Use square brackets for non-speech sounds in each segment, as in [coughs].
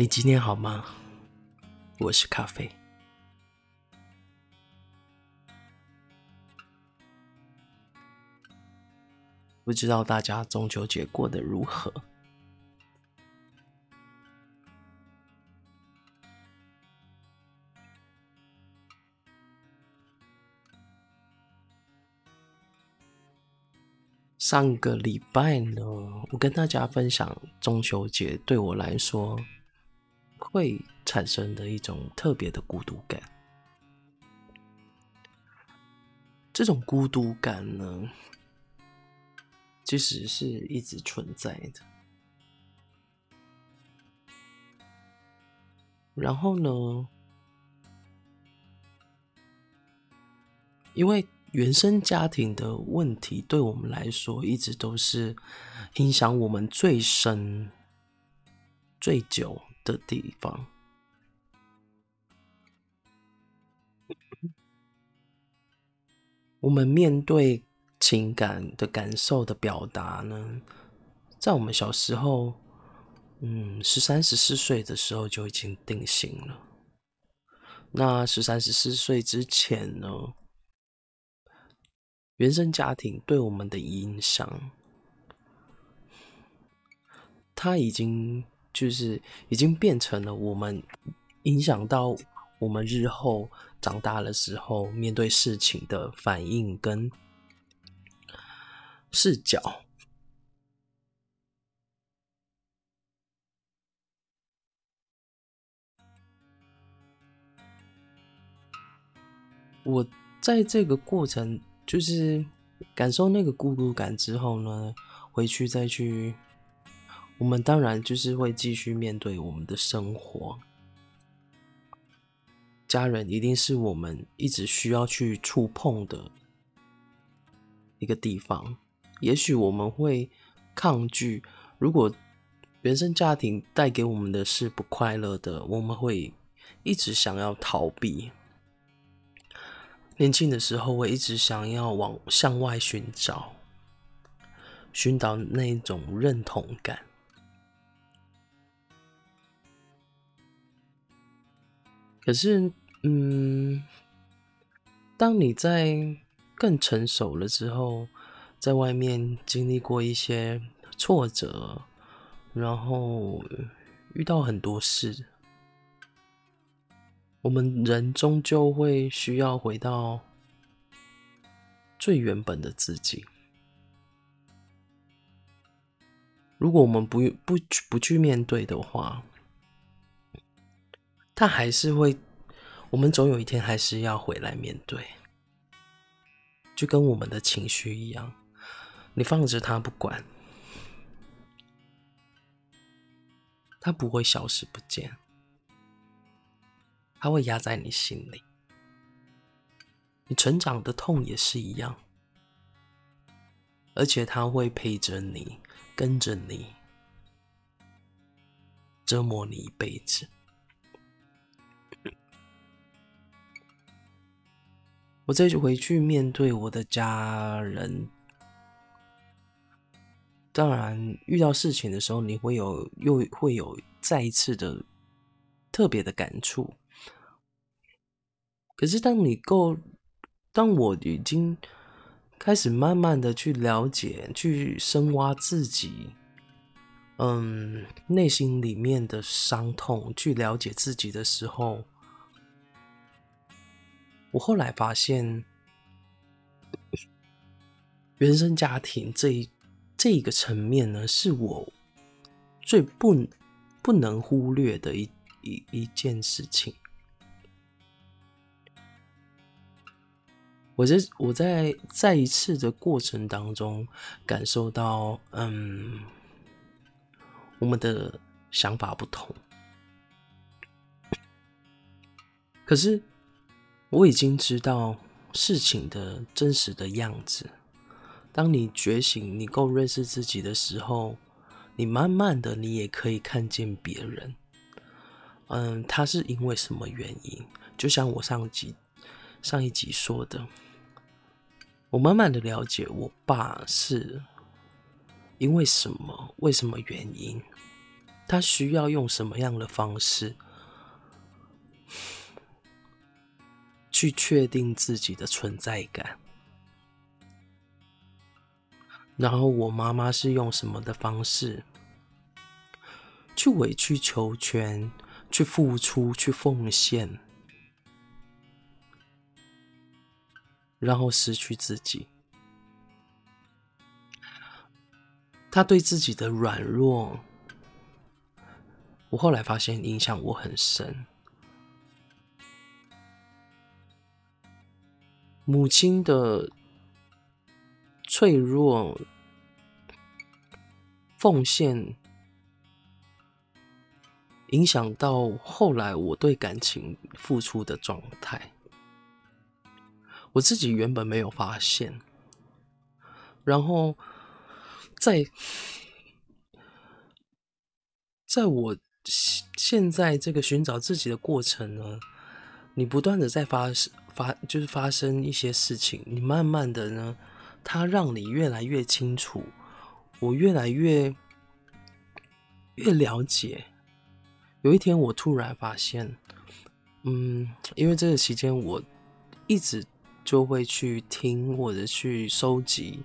你今天好嗎？我是咖啡。不知道大家中秋節過得如何？上個禮拜呢，我跟大家分享中秋節對我來說。會產生的一種特別的孤獨感。這種孤獨感呢，其實是一直存在的。然後呢，因為原生家庭的問題，對我們來說一直都是影響我們最深、最久。的地方， [laughs] 我們面對情感的感受的表達呢，在我們小時候，嗯，十三十四歲的時候就已經定型了。那十三十四歲之前呢，原生家庭對我們的影響，他已經。就是已經變成了我們，影響到我們日後長大的時候面對事情的反應跟視角。我在這個過程，就是感受那個孤獨感之後呢，回去再去。我們當然就是會繼續面對我們的生活。家人一定是我們一直需要去觸碰的一個地方。也許我們會抗拒，如果原生家庭帶給我們的是不快樂的，我們會一直想要逃避。年輕的時候會一直想要往向外尋找，尋找那種認同感。可是，嗯，當你在更成熟了之後，在外面經歷過一些挫折，然後遇到很多事，我們人終究會需要回到最原本的自己。如果我們不不不去面對的話，他還是會，我們總有一天還是要回來面對，就跟我們的情緒一樣，你放着他不管，他不會消失不見，他會壓在你心裡，你成長的痛也是一樣，而且他會陪着你，跟着你，折磨你一輩子。我再回去面對我的家人。當然，遇到事情的時候，你會有又會有再一次的特別的感觸。可是，當你夠，當我已經開始慢慢的去了解、去深挖自己，嗯，內心裡面的傷痛，去了解自己的時候。我後來發現，原生家庭這一這一個層面呢，是我最不不能忽略的一一一件事情。我在我在再一次的過程當中，感受到，嗯，我們的想法不同，可是。我已經知道事情的真實的樣子。當你覺醒，你夠認識自己的時候，你慢慢的，你也可以看見別人。嗯，他是因為什麼原因？就像我上集，上一集說的，我慢慢的了解我爸是因為什麼，為什麼原因，他需要用什麼樣的方式。去確定自己的存在感，然後我媽媽是用什麼的方式去委曲求全、去付出、去奉獻，然後失去自己。她對自己的軟弱，我後來發現影響我很深。母親的脆弱、奉獻，影響到後來我對感情付出的狀態。我自己原本沒有發現，然後在在我現在這個尋找自己的過程呢。你不斷的在發生發，就是發生一些事情，你慢慢的呢，它讓你越來越清楚，我越來越越了解。有一天我突然發現，嗯，因為這個期間我一直就會去聽或者去收集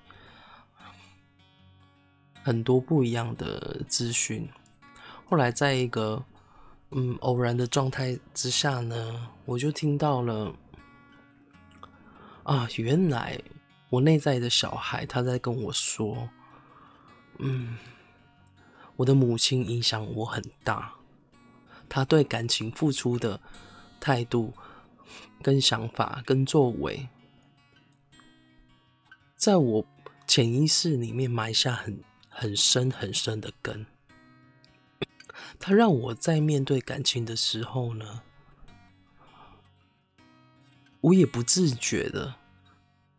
很多不一樣的資訊，後來在一個。嗯，偶然的狀態之下呢，我就聽到了啊，原來我內在的小孩他在跟我說，嗯，我的母親影響我很大，她對感情付出的態度、跟想法、跟作為，在我潛意識裡面埋下很很深很深的根。他讓我在面對感情的時候呢，我也不自覺的，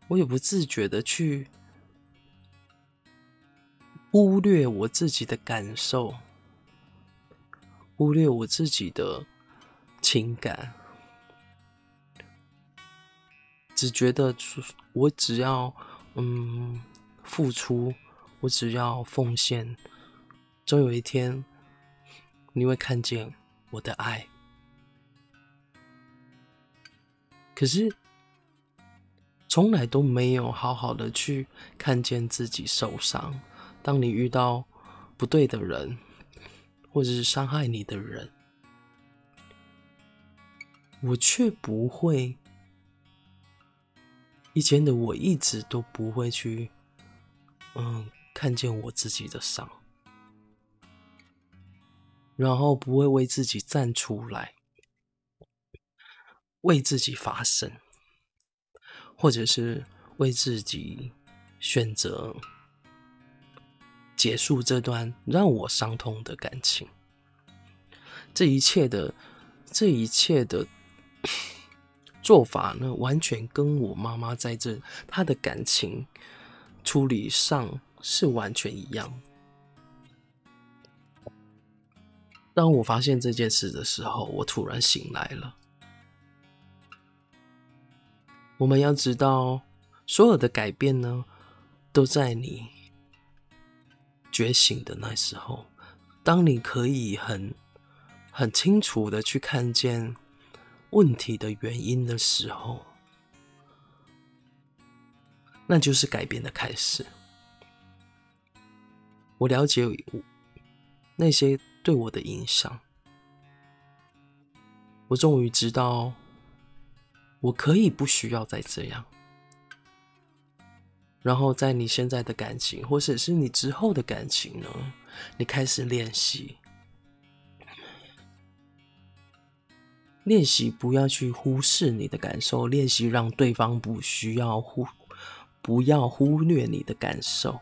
我也不自覺的去忽略我自己的感受，忽略我自己的情感，只覺得我只要嗯付出，我只要奉獻，總有一天。你會看見我的愛，可是從來都沒有好好的去看見自己受傷。當你遇到不對的人，或者是傷害你的人，我卻不會。以前的我一直都不會去，嗯，看見我自己的傷。然後不會為自己站出來，為自己發聲，或者是為自己選擇結束這段讓我傷痛的感情。這一切的，這一切的做法呢，完全跟我媽媽在這，她的感情處理上是完全一樣。當我發現這件事的時候，我突然醒來了。我們要知道，所有的改變呢，都在你覺醒的那時候。當你可以很、很清楚的去看見問題的原因的時候，那就是改變的開始。我了解我那些。對我的影響，我終於知道，我可以不需要再這樣。然後，在你現在的感情，或者是你之後的感情呢，你開始練習，練習不要去忽視你的感受，練習讓對方不需要忽，不要忽略你的感受。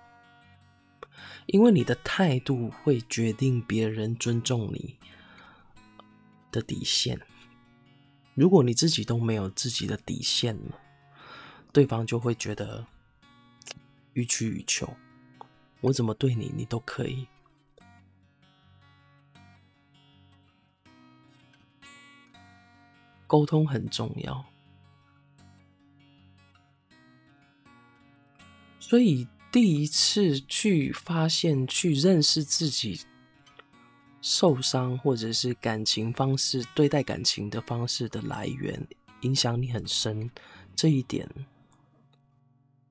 因為你的態度會決定別人尊重你的底線。如果你自己都沒有自己的底線了，對方就會覺得予取予求。我怎麼對你，你都可以。溝通很重要，所以。第一次去發現、去認識自己受傷或者是感情方式、對待感情的方式的來源，影響你很深。這一點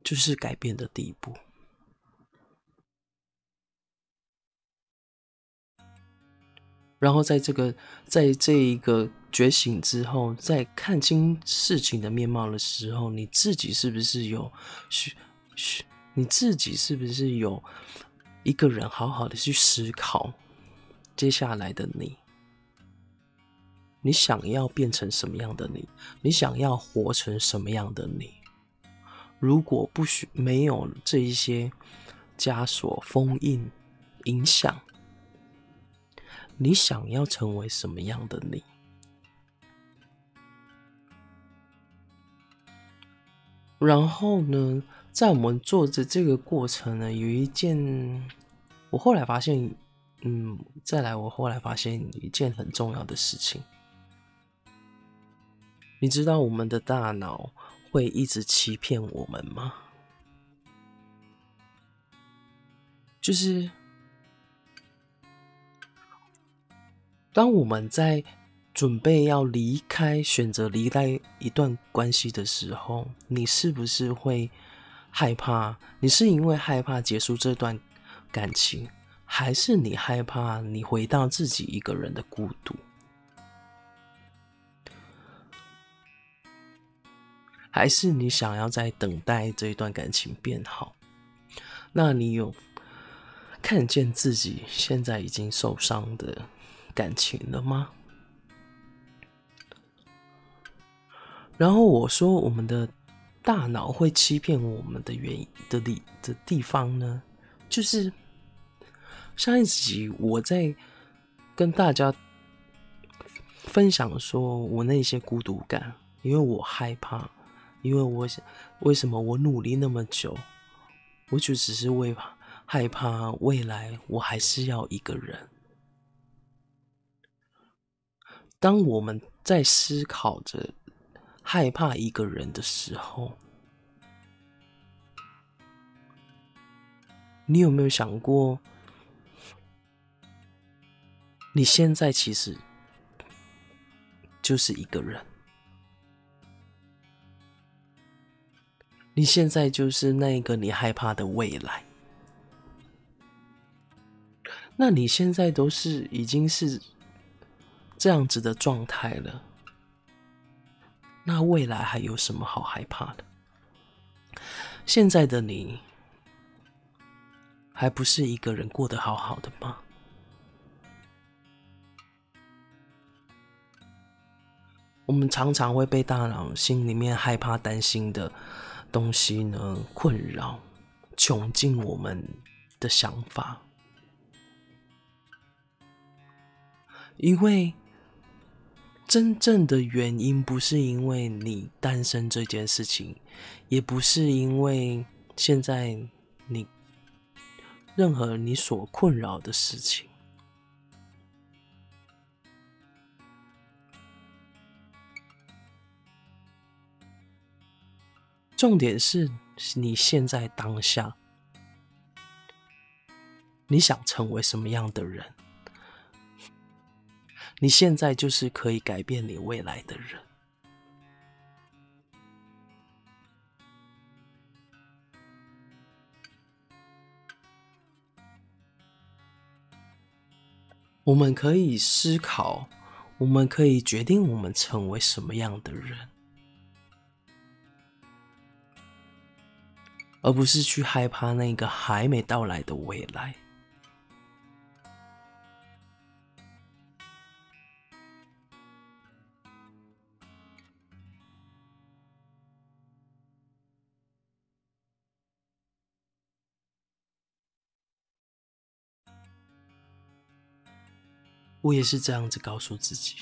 就是改變的第一步。然後，在這個，在這一個覺醒之後，在看清事情的面貌的時候，你自己是不是有噓，噓？你自己是不是有一個人好好的去思考接下來的你？你想要變成什麼樣的你？你想要活成什麼樣的你？如果不需沒有這一些枷鎖封印影響，你想要成為什麼樣的你？然後呢？在我們做的這個過程呢，有一件我後來發現，嗯，再來我後來發現一件很重要的事情。你知道我們的大腦會一直欺騙我們嗎？就是當我們在準備要離開、選擇離開一段關係的時候，你是不是會？害怕，你是因為害怕結束這段感情，還是你害怕你回到自己一個人的孤獨？還是你想要再等待這段感情變好？那你有看見自己現在已經受傷的感情了嗎？然後我說我們的。大腦會欺騙我們的原因的地的地方呢？就是上一集我在跟大家分享，說我那些孤獨感，因為我害怕，因為我想，為什麼我努力那麼久，我就只是為怕害怕未來我還是要一個人。當我們在思考着。害怕一個人的時候，你有沒有想過，你現在其實就是一個人，你現在就是那個你害怕的未來，那你現在都是已經是這樣子的狀態了。那未來還有什麼好害怕的？現在的你還不是一個人過得好好的嗎？我們常常會被大腦心裡面害怕、擔心的東西呢困擾，窮盡我們的想法，因為。真正的原因不是因為你單身這件事情，也不是因為現在你任何你所困擾的事情。重點是你現在當下，你想成為什麼樣的人？你現在就是可以改變你未來的人。我們可以思考，我們可以決定我們成為什麼樣的人，而不是去害怕那個還沒到來的未來。我也是這樣子告訴自己。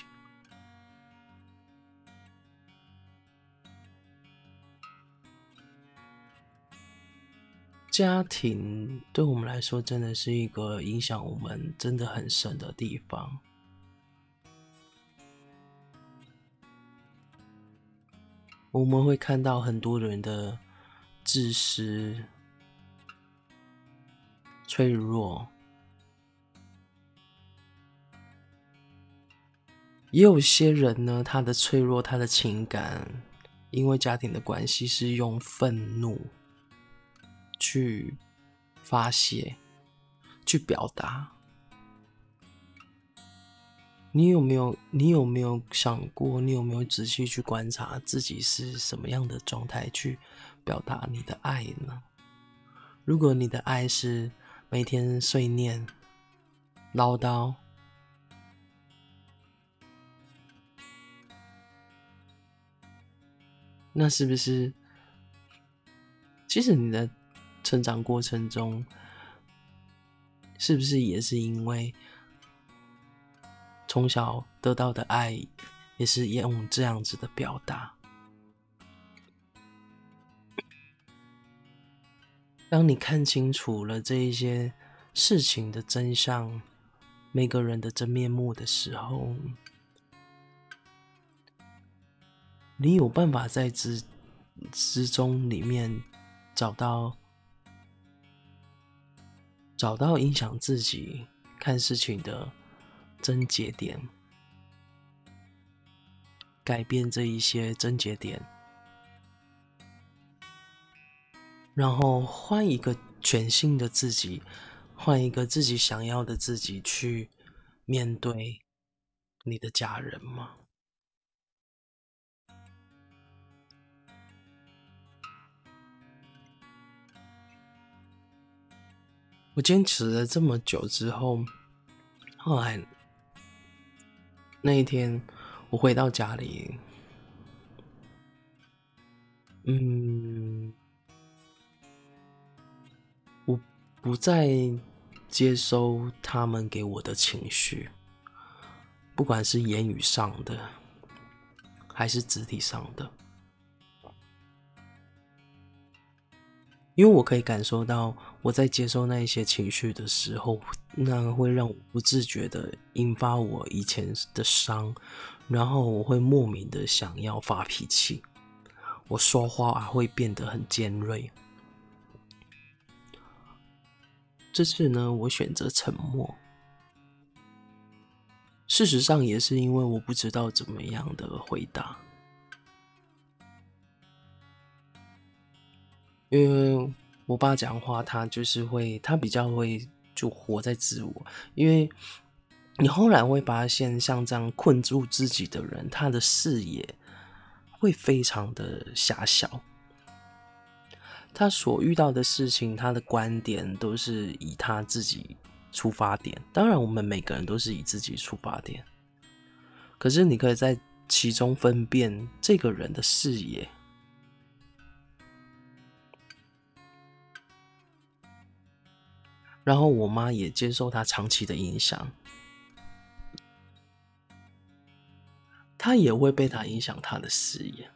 家庭對我們來說真的是一個影響我們真的很深的地方。我們會看到很多人的自私、脆弱。也有些人呢，他的脆弱，他的情感，因為家庭的關係是用憤怒去發洩，去表達。你有沒有，你有沒有想過，你有沒有仔細去觀察自己是什麼樣的狀態去表達你的愛呢？如果你的愛是每天碎念、嘮叨。那是不是？其實你的成長過程中，是不是也是因為從小得到的愛，也是用這樣子的表達？當你看清楚了這一些事情的真相，每個人的真面目的時候，你有辦法在之之中裡面找到找到影響自己看事情的症結點，改變這一些症結點，然後換一個全新的自己，換一個自己想要的自己去面對你的家人嗎？我堅持了這麼久之後，後來那一天我回到家裡，嗯，我不再接收他們給我的情緒，不管是言語上的，還是肢體上的。因為我可以感受到，我在接受那一些情緒的時候，那會讓我不自覺的引發我以前的傷，然後我會莫名的想要發脾氣，我說話啊會變得很尖銳。這次呢，我選擇沉默。事實上，也是因為我不知道怎麼樣的回答。因為我爸講話，他就是會，他比較會就活在自我。因為你後來會發現，像這樣困住自己的人，他的視野會非常的狹小。他所遇到的事情，他的觀點都是以他自己出發點。當然，我們每個人都是以自己出發點，可是你可以在其中分辨這個人的視野。然後我媽也接受他長期的影響，她也會被他影響她的事業。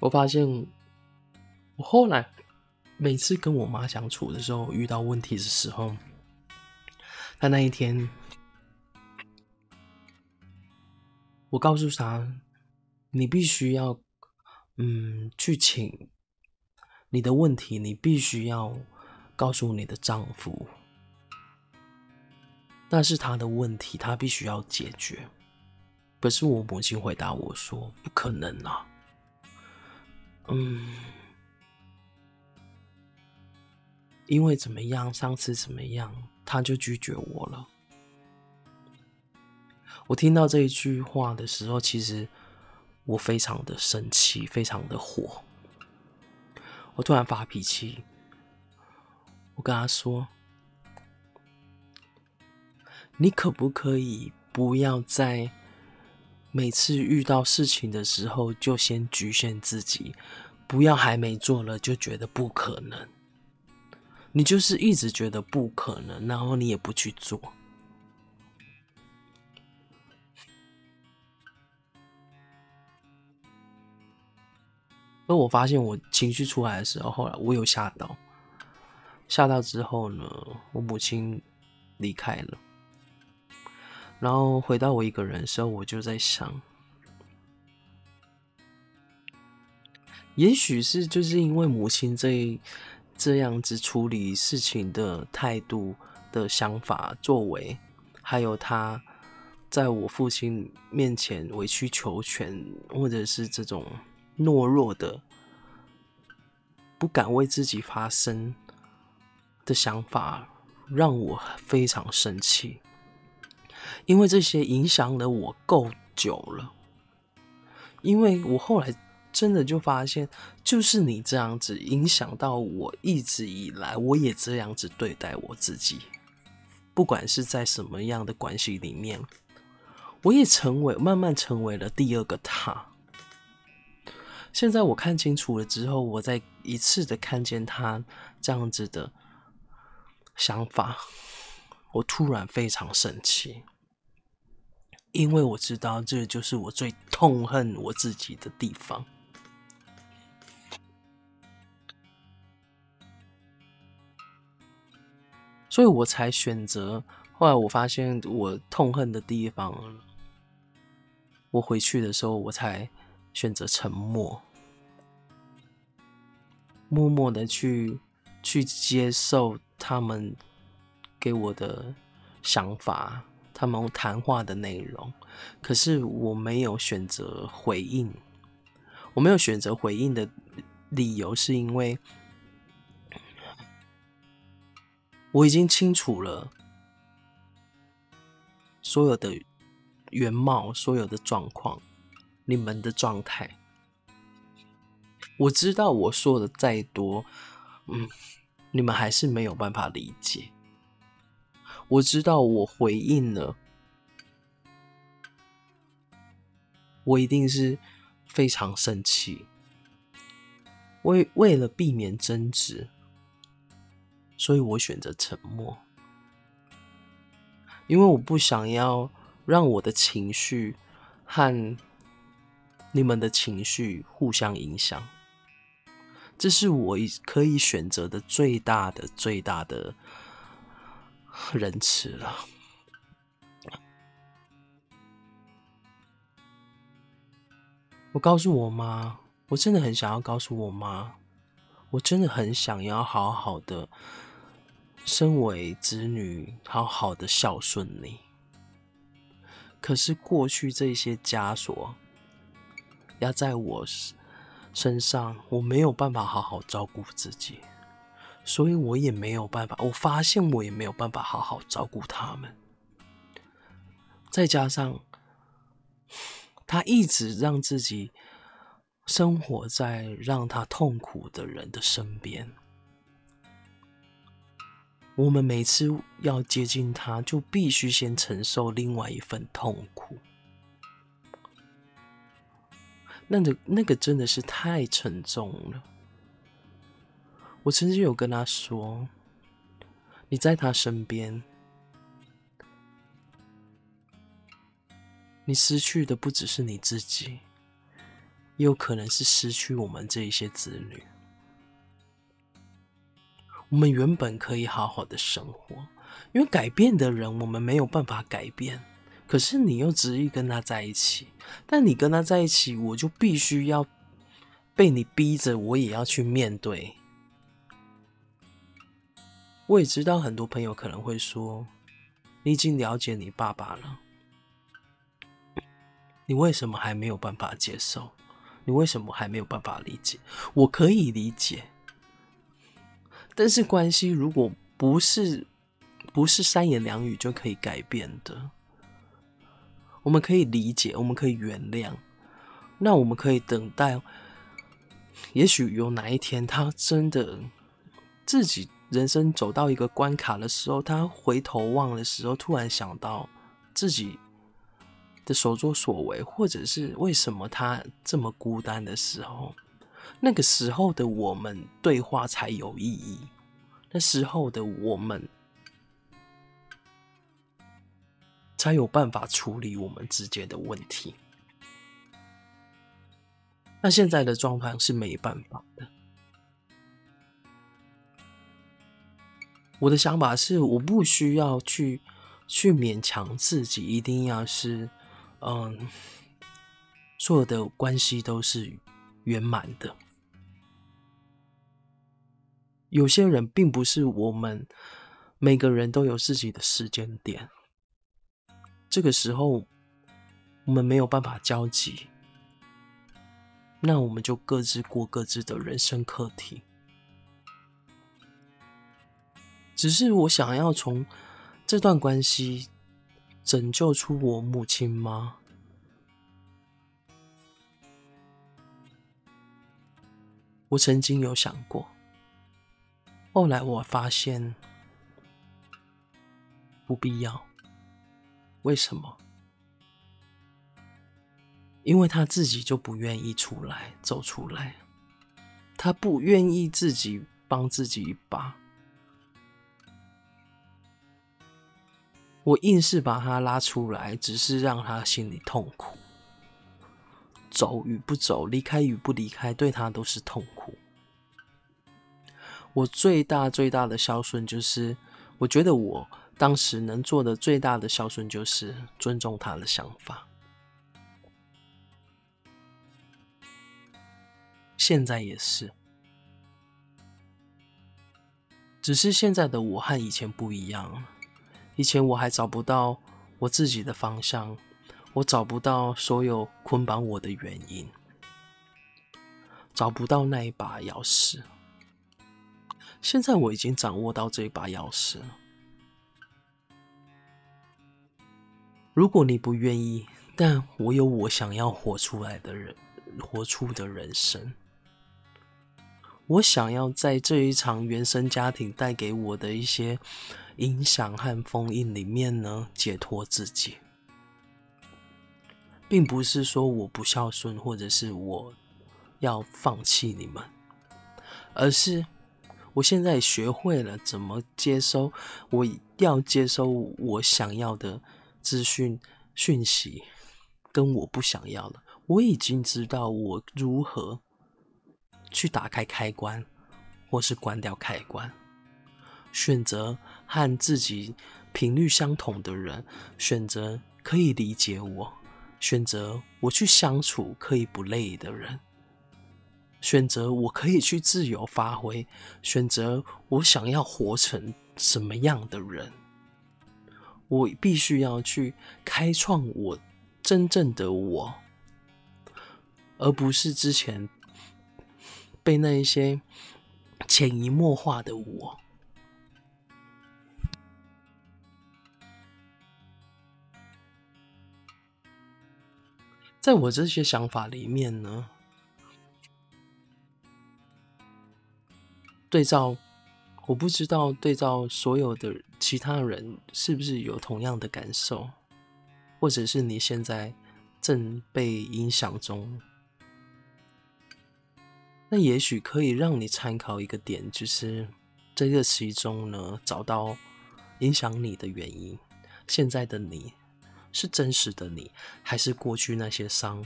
我發現，我後來每次跟我媽相處的時候，遇到問題的時候，她那一天，我告訴她，你必須要，嗯，去請你的問題，你必須要。告訴你的丈夫，那是他的問題，他必須要解決。可是我母親回答我說：“不可能啊，嗯，因為怎麼樣，上次怎麼樣，他就拒絕我了。”我聽到這一句話的時候，其實我非常的生氣，非常的火，我突然發脾氣。我跟他說：“你可不可以不要在每次遇到事情的時候就先局限自己，不要還沒做了就覺得不可能。你就是一直覺得不可能，然後你也不去做。”而我發現我情緒出來的時候，後來我有嚇到。嚇到之後呢，我母親離開了，然後回到我一個人的時候，我就在想，也許是就是因為母親這這樣子處理事情的態度、的想法、作為，還有他在我父親面前委曲求全，或者是這種懦弱的，不敢為自己發聲。的想法讓我非常生氣，因為這些影響了我夠久了。因為我後來真的就發現，就是你這樣子影響到我，一直以來我也這樣子對待我自己，不管是在什麼樣的關係裡面，我也成為慢慢成為了第二個他。現在我看清楚了之後，我再一次的看見他這樣子的。想法，我突然非常生氣，因為我知道這就是我最痛恨我自己的地方，所以我才選擇。後來我發現我痛恨的地方，我回去的時候，我才選擇沉默，默默的去去接受。他們給我的想法，他們談話的內容，可是我沒有選擇回應。我沒有選擇回應的理由，是因為我已經清楚了所有的原貌，所有的狀況，你們的狀態。我知道，我說的再多，嗯。你們還是沒有辦法理解。我知道，我回應了，我一定是非常生氣。為為了避免爭執，所以我選擇沉默，因為我不想要讓我的情緒和你們的情緒互相影響。這是我可以選擇的最大的、最大的仁慈了。我告訴我媽，我真的很想要告訴我媽，我真的很想要好好的身為子女，好好的孝順你。可是過去這些枷鎖，壓在我身上我沒有辦法好好照顧自己，所以我也沒有辦法，我發現我也沒有辦法好好照顧他們。再加上他一直讓自己生活在讓他痛苦的人的身邊。我們每次要接近他，就必須先承受另外一份痛苦。那個那個真的是太沉重了。我曾經有跟他說：“你在他身邊，你失去的不只是你自己，也有可能是失去我們這一些子女。我們原本可以好好的生活，因為改變的人，我們沒有辦法改變。”可是你又執意跟他在一起，但你跟他在一起，我就必須要被你逼着，我也要去面對。我也知道，很多朋友可能會說：“你已經了解你爸爸了，你為什麼還沒有辦法接受？你為什麼還沒有辦法理解？”我可以理解，但是關係如果不是不是三言兩語就可以改變的。我們可以理解，我們可以原諒，那我們可以等待。也許有哪一天，他真的自己人生走到一個關卡的時候，他回頭望的時候，突然想到自己的所作所為，或者是為什麼他這麼孤單的時候，那個時候的我們對話才有意義。那時候的我們。才有辦法處理我們之間的問題。那現在的狀況是沒辦法的。我的想法是，我不需要去去勉強自己，一定要是嗯，所有的關係都是圓滿的。有些人並不是，我們每個人都有自己的時間點。這個時候，我們沒有辦法交集，那我們就各自過各自的人生課題。只是我想要從這段關係拯救出我母親嗎？我曾經有想過，後來我發現不必要。為什麼？因為他自己就不願意出來，走出來，他不願意自己幫自己一把。我硬是把他拉出來，只是讓他心裡痛苦。走與不走，離開與不離開，對他都是痛苦。我最大最大的孝順，就是我覺得我。當時能做的最大的孝順就是尊重他的想法，現在也是。只是現在的我和以前不一樣了。以前我還找不到我自己的方向，我找不到所有捆綁我的原因，找不到那一把鑰匙。現在我已經掌握到這一把鑰匙了。如果你不願意，但我有我想要活出來的人，活出的人生。我想要在這一場原生家庭帶給我的一些影響和封印裡面呢，解脫自己，並不是說我不孝順，或者是我要放棄你們，而是我現在學會了怎麼接收，我要接收我想要的。資訊訊息跟我不想要了，我已經知道我如何去打開開關，或是關掉開關。選擇和自己頻率相同的人，選擇可以理解我，選擇我去相處可以不累的人，選擇我可以去自由發揮，選擇我想要活成什麼樣的人。我必須要去開創我真正的我，而不是之前被那一些潛移默化的我。在我這些想法裡面呢，對照我不知道對照所有的。其他人是不是有同樣的感受，或者是你現在正被影響中？那也許可以讓你參考一個點，就是這個其中呢，找到影響你的原因。現在的你是真實的你，還是過去那些傷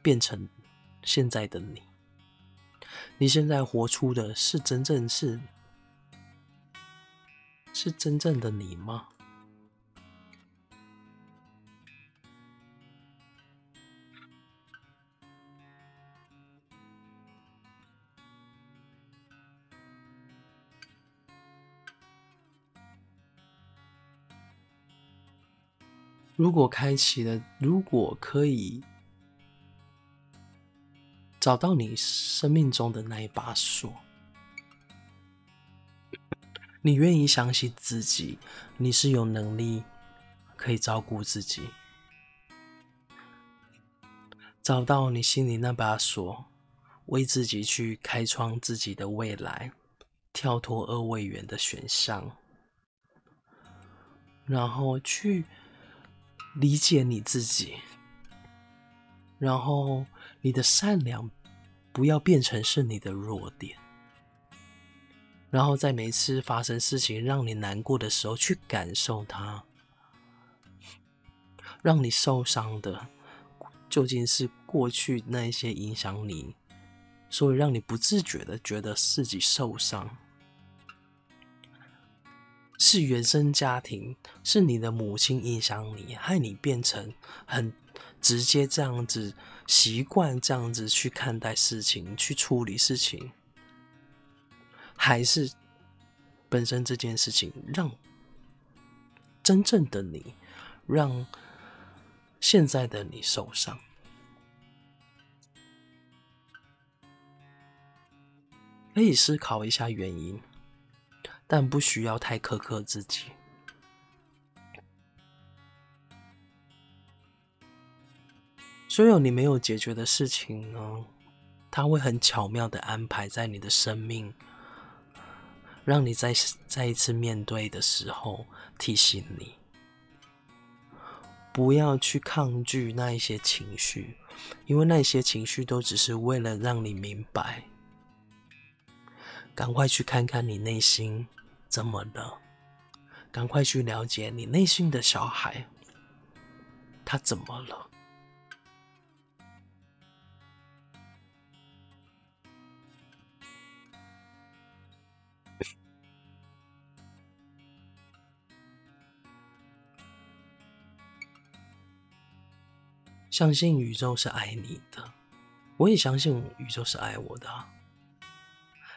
變成現在的你？你現在活出的是真正是？是真正的你嗎？如果開啟了，如果可以找到你生命中的那一把鎖。你願意相信自己，你是有能力可以照顧自己，找到你心裡那把鎖，為自己去開創自己的未來，跳脫二位元的選項，然後去理解你自己，然後你的善良不要變成是你的弱點。然後在每次發生事情讓你難過的時候，去感受它，讓你受傷的，究竟是過去那些影響你，所以讓你不自覺的覺得自己受傷，是原生家庭，是你的母親影響你，害你變成很直接這樣子，習慣這樣子去看待事情，去處理事情。還是本身這件事情讓真正的你，讓現在的你受傷，可以思考一下原因，但不需要太苛刻自己。所有你沒有解決的事情呢，它會很巧妙的安排在你的生命。讓你在再，再一次面對的時候，提醒你不要去抗拒那一些情緒，因為那些情緒都只是為了讓你明白，趕快去看看你內心怎麼了，趕快去了解你內心的小孩，他怎麼了。相信宇宙是愛你的，我也相信宇宙是愛我的啊。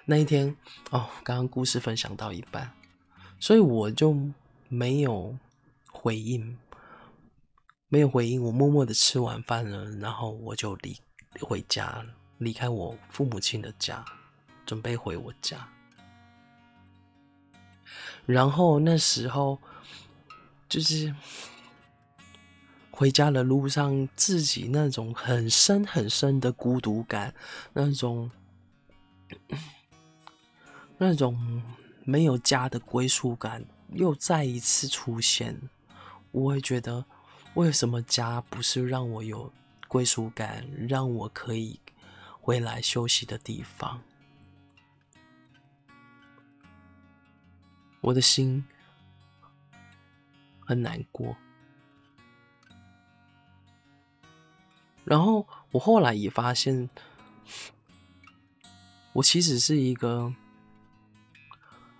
那一天，哦，剛剛故事分享到一半，所以我就沒有回應，沒有回應，我默默的吃完飯了，然後我就離回家了，離開我父母親的家，準備回我家。然後那時候就是。回家的路上，自己那種很深很深的孤獨感，那種那種沒有家的歸屬感，又再一次出現。我會覺得，為什麼家不是讓我有歸屬感，讓我可以回來休息的地方？我的心很難過。然後我後來也發現，我其實是一個，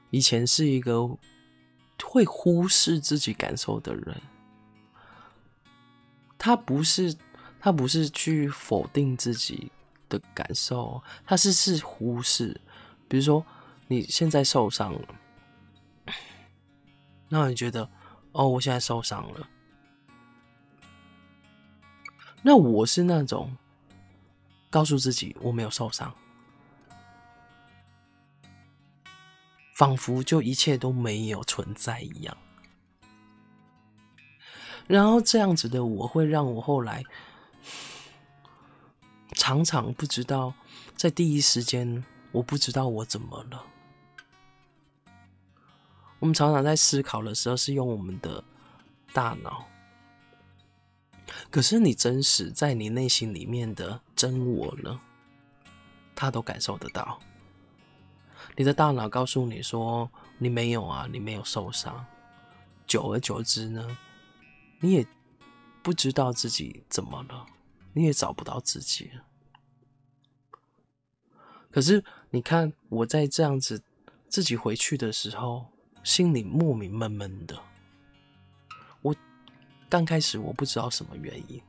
以前是一個會忽視自己感受的人。他不是，他不是去否定自己的感受，他是是忽視。比如說，你現在受傷了，那你覺得，哦，我現在受傷了。那我是那種告訴自己我沒有受傷，仿佛就一切都沒有存在一樣。然後這樣子的我會讓我後來常常不知道，在第一時間我不知道我怎麼了。我們常常在思考的時候是用我們的大腦。可是你真實在你內心裡面的真我呢？他都感受得到。你的大腦告訴你說，你沒有啊，你沒有受傷。久而久之呢，你也不知道自己怎麼了，你也找不到自己了。可是你看我在這樣子自己回去的時候，心裡莫名悶悶的。剛開始我不知道什麼原因，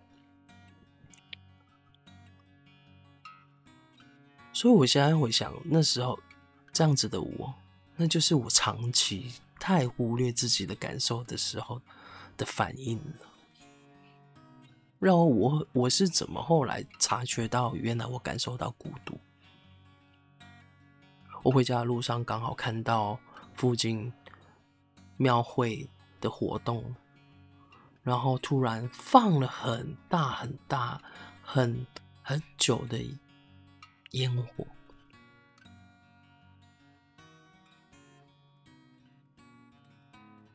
所以我現在回想那時候這樣子的我，那就是我長期太忽略自己的感受的時候的反應了讓我，然後我我是怎麼後來察覺到，原來我感受到孤獨？我回家的路上剛好看到附近廟會的活動。然後突然放了很大很大很很久的煙火，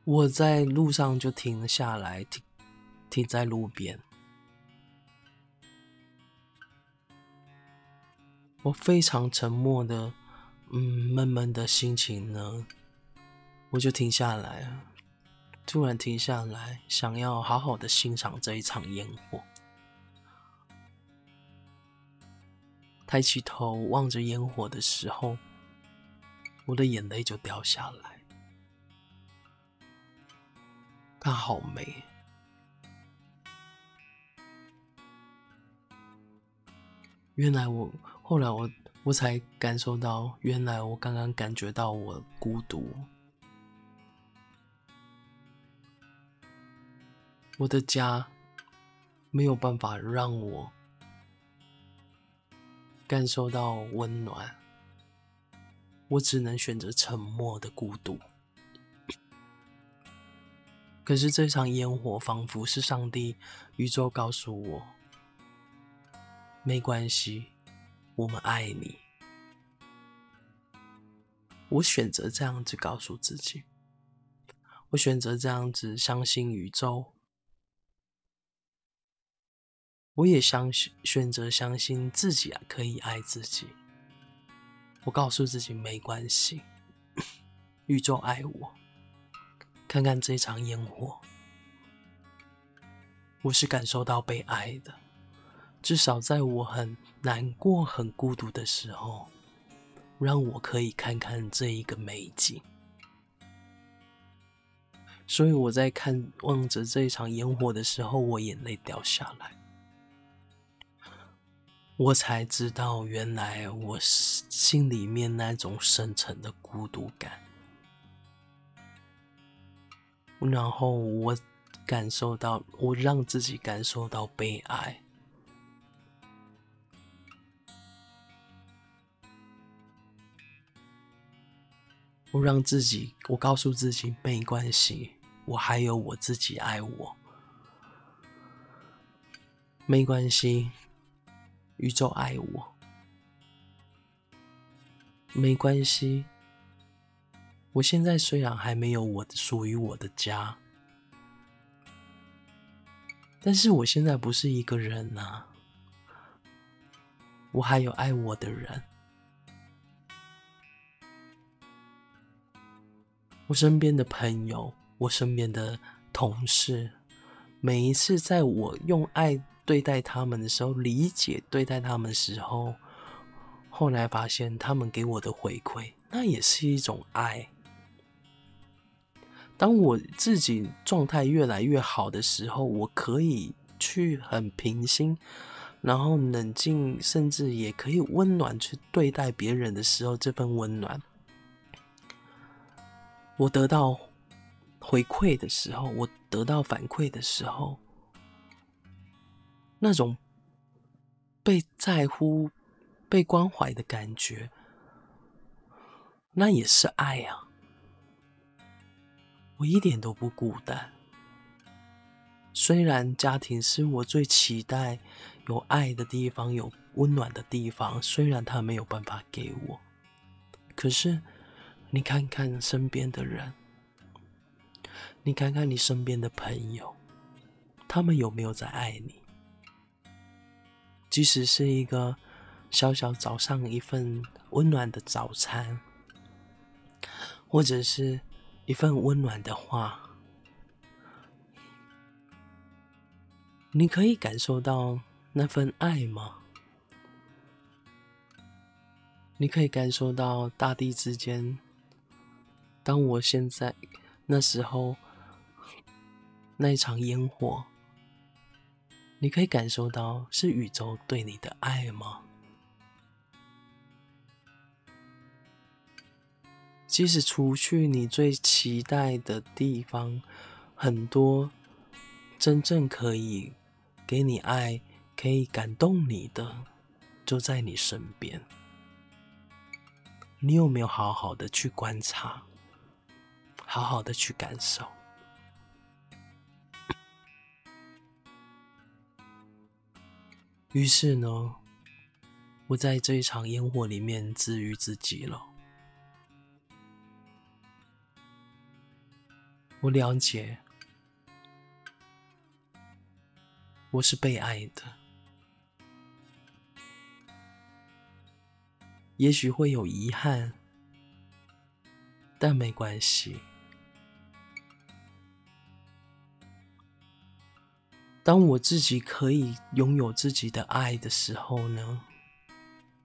我在路上就停了下來，停停在路邊。我非常沉默的，嗯，悶悶的心情呢，我就停下來了。突然停下來，想要好好的欣賞這一場煙火。抬起頭望着煙火的時候，我的眼淚就掉下來。它好美。原來我，後來我，我才感受到，原來我剛剛感覺到我孤獨。我的家沒有辦法讓我感受到溫暖，我只能選擇沉默的孤獨。可是這場煙火仿佛是上帝、宇宙告訴我：“沒關係，我們愛你。”我選擇這樣子告訴自己，我選擇這樣子相信宇宙。我也相信選擇相信自己啊，可以愛自己。我告訴自己沒關係， [coughs] 宇宙愛我。看看這場煙火，我是感受到被愛的，至少在我很難過、很孤獨的時候，讓我可以看看這一個美景。所以我在看望着這一場煙火的時候，我眼淚掉下來。我才知道，原來我心裡面那種深沉的孤獨感。然後我感受到，我讓自己感受到被愛。我讓自己，我告訴自己沒關係，我還有我自己愛我，沒關係。宇宙愛我，沒關係。我現在雖然還沒有我屬於我的家，但是我現在不是一個人吶、啊，我還有愛我的人，我身邊的朋友，我身邊的同事，每一次在我用愛。對待他們的時候，理解對待他們的時候，後來發現他們給我的回饋，那也是一種愛。當我自己狀態越來越好的時候，我可以去很平心，然後冷靜，甚至也可以溫暖去對待別人的時候，這份溫暖。我得到回饋的時候，我得到反饋的時候。那種被在乎、被關懷的感覺，那也是愛啊！我一點都不孤單。雖然家庭是我最期待有愛的地方、有溫暖的地方，雖然他沒有辦法給我，可是你看看身邊的人，你看看你身邊的朋友，他們有沒有在愛你？即使是一個小小早上一份溫暖的早餐，或者是一份溫暖的話，你可以感受到那份愛嗎？你可以感受到大地之間，當我現在，那時候那一場煙火。你可以感受到是宇宙對你的愛嗎？即使除去你最期待的地方，很多真正可以給你愛、可以感動你的，就在你身邊。你有沒有好好的去觀察，好好的去感受？於是呢，我在這場煙火裡面治癒自己了。我了解，我是被愛的。也許會有遺憾，但沒關係。當我自己可以擁有自己的愛的時候呢，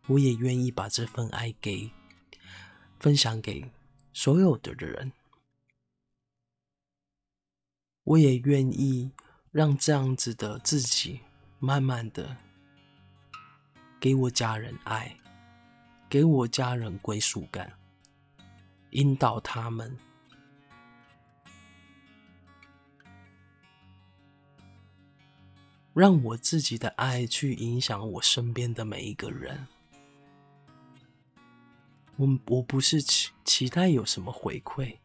我也願意把這份愛給分享給所有的人。我也願意讓這樣子的自己慢慢的給我家人愛，給我家人歸屬感，引導他們。讓我自己的愛去影響我身邊的每一個人。我我不是期期待有什麼回饋？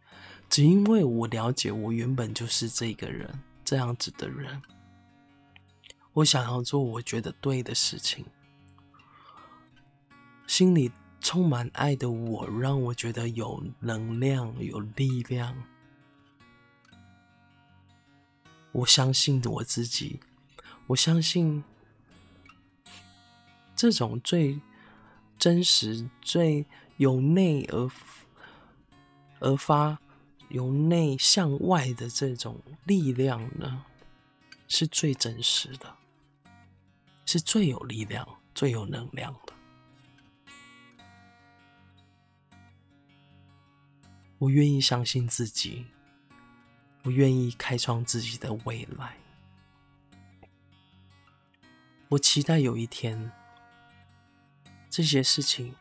只因為我了解我原本就是這個人，這樣子的人。我想要做我覺得對的事情。心裡充滿愛的我，讓我覺得有能量，有力量。我相信我自己。我相信這種最真實、最由內而而發、由內向外的這種力量呢，是最真實的，是最有力量、最有能量的。我願意相信自己，我願意開創自己的未來。我期待有一天，這些事情、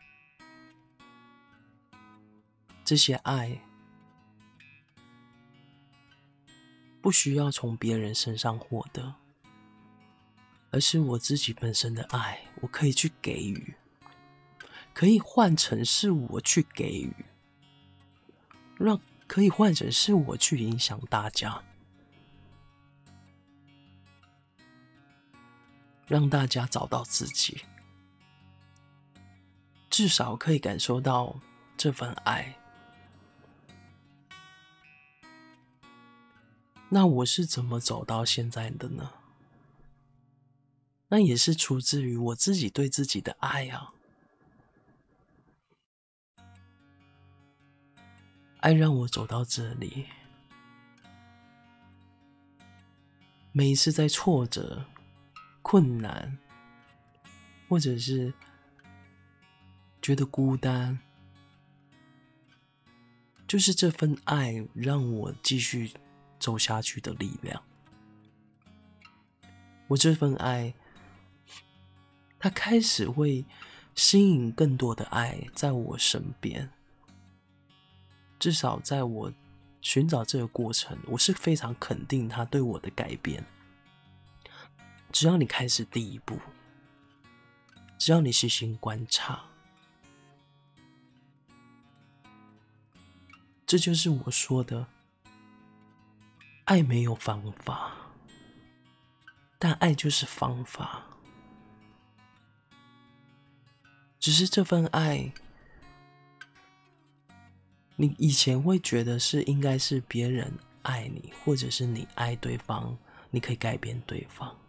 這些愛，不需要從別人身上獲得，而是我自己本身的愛，我可以去給予，可以換成是我去給予，讓可以換成是我去影響大家。讓大家找到自己，至少可以感受到這份愛。那我是怎麼走到現在的呢？那也是出自於我自己對自己的愛啊。愛讓我走到這裡，每一次在挫折、困難，或者是覺得孤單，就是這份愛讓我繼續走下去的力量。我這份愛，它開始會吸引更多的愛在我身邊。至少在我尋找這個過程，我是非常肯定他對我的改變。只要你開始第一步，只要你細心觀察，這就是我說的，愛沒有方法，但愛就是方法。只是這份愛，你以前會覺得是應該是別人愛你，或者是你愛對方，你可以改變對方。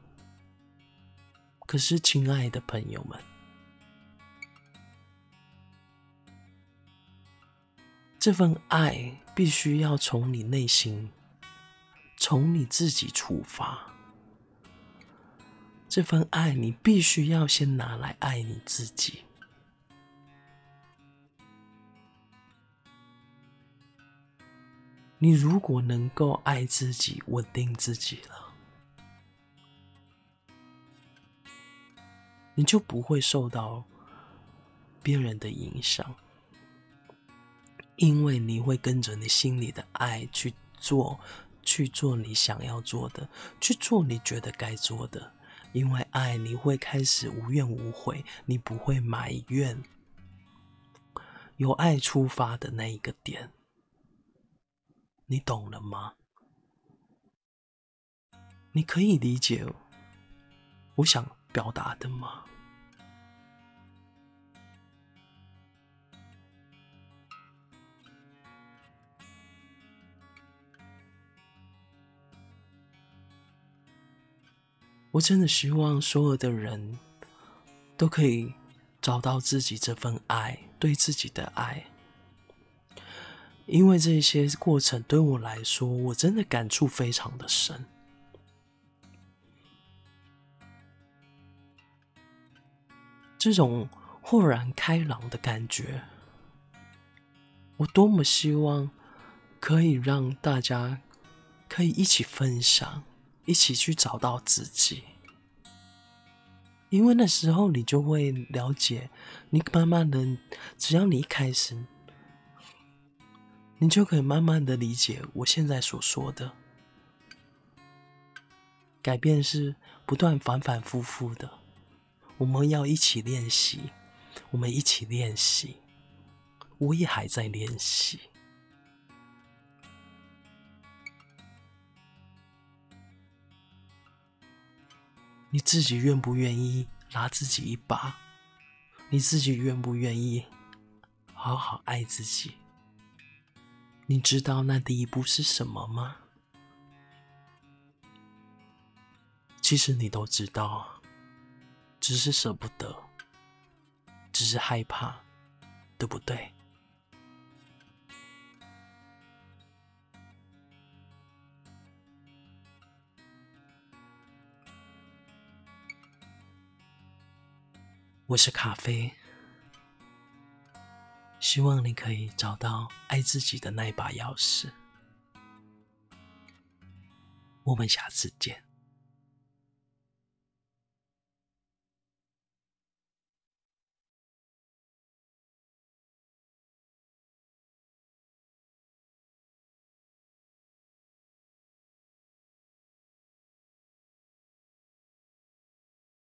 可是，親愛的朋友們，這份愛必須要從你內心，從你自己出發。這份愛，你必須要先拿來愛你自己。你如果能夠愛自己，穩定自己了。你就不會受到別人的影響，因為你會跟着你心裡的愛去做，去做你想要做的，去做你覺得該做的。因為愛，你會開始無怨無悔，你不會埋怨。由愛出發的那一個點，你懂了嗎？你可以理解我，我想表達的嗎？我真的希望所有的人都可以找到自己這份愛，對自己的愛。因為這些過程對我來說，我真的感觸非常的深。這種豁然開朗的感覺，我多麼希望可以讓大家可以一起分享，一起去找到自己。因為那時候你就會了解，你慢慢的，只要你一開心，你就可以慢慢的理解我現在所說的。改變是不斷反反复复的。我們要一起練習，我們一起練習。我也還在練習。你自己願不願意拉自己一把？你自己願不願意好好愛自己？你知道那第一步是什麼嗎？其實你都知道。只是捨不得，只是害怕，對不對？我是咖啡。希望你可以找到愛自己的那把鑰匙。我們下次見。